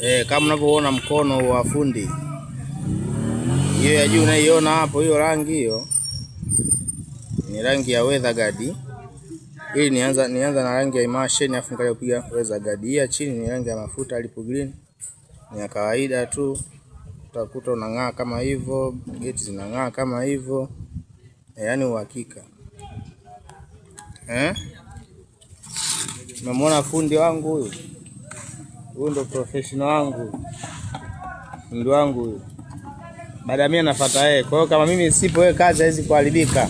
E, kama unavyoona mkono wa fundi, hiyo ya juu unaiona hapo, hiyo rangi hiyo ni rangi ya weather guard. Hii nianza nianza na rangi ya immersion, afu nikaja kupiga weather guard. Hii ya chini ni rangi ya mafuta lipo green, ni ya kawaida tu, utakuta unang'aa kama hivyo, geti zinang'aa kama hivyo, eh, yani uhakika eh? Unamwona fundi wangu huyu. Huyu ndo professional wangu mli wangu huyu, baada ya mimi nafuata yeye. Kwa hiyo kama mimi sipo, yeye kazi haizi kuharibika.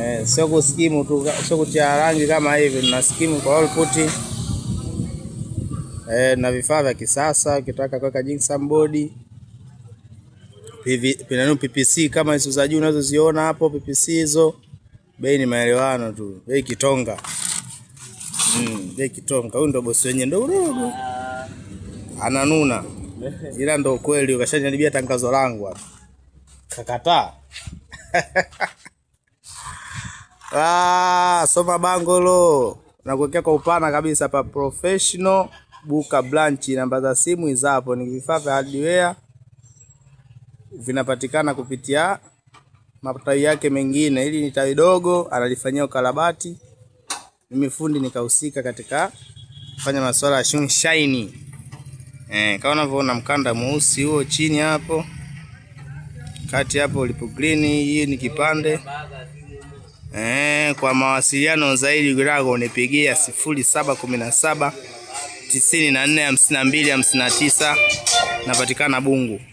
Eh, sio kuskimu tu, sio kutia rangi kama hivi, na skimu kwa all put eh, na vifaa vya kisasa. Ukitaka kuweka gypsum board PPC kama hizo za juu unazoziona hapo, PPC hizo, bei ni maelewano tu, bei kitonga. Mm, Jeki Tomka huyu ndo bosi wenye ndo udogo ananuna, ila ndo kweli. Ukashajaribia tangazo langu hapa kakataa. Ah, soma bango lo nakuwekea kwa upana kabisa pa professional buka branch. Namba za simu izapo, ni vifaa vya hardware vinapatikana kupitia matawi yake mengine. ili ni tawi dogo, analifanyia ukarabati mimi fundi nikahusika katika kufanya masuala ya sunshine. Eh, kama unavyoona mkanda mweusi huo chini hapo kati hapo ulipo green, hii ni kipande eh. Kwa mawasiliano zaidi Grago nipigia sifuri saba kumi na saba tisini na nne hamsini na mbili hamsini na tisa napatikana Bungu.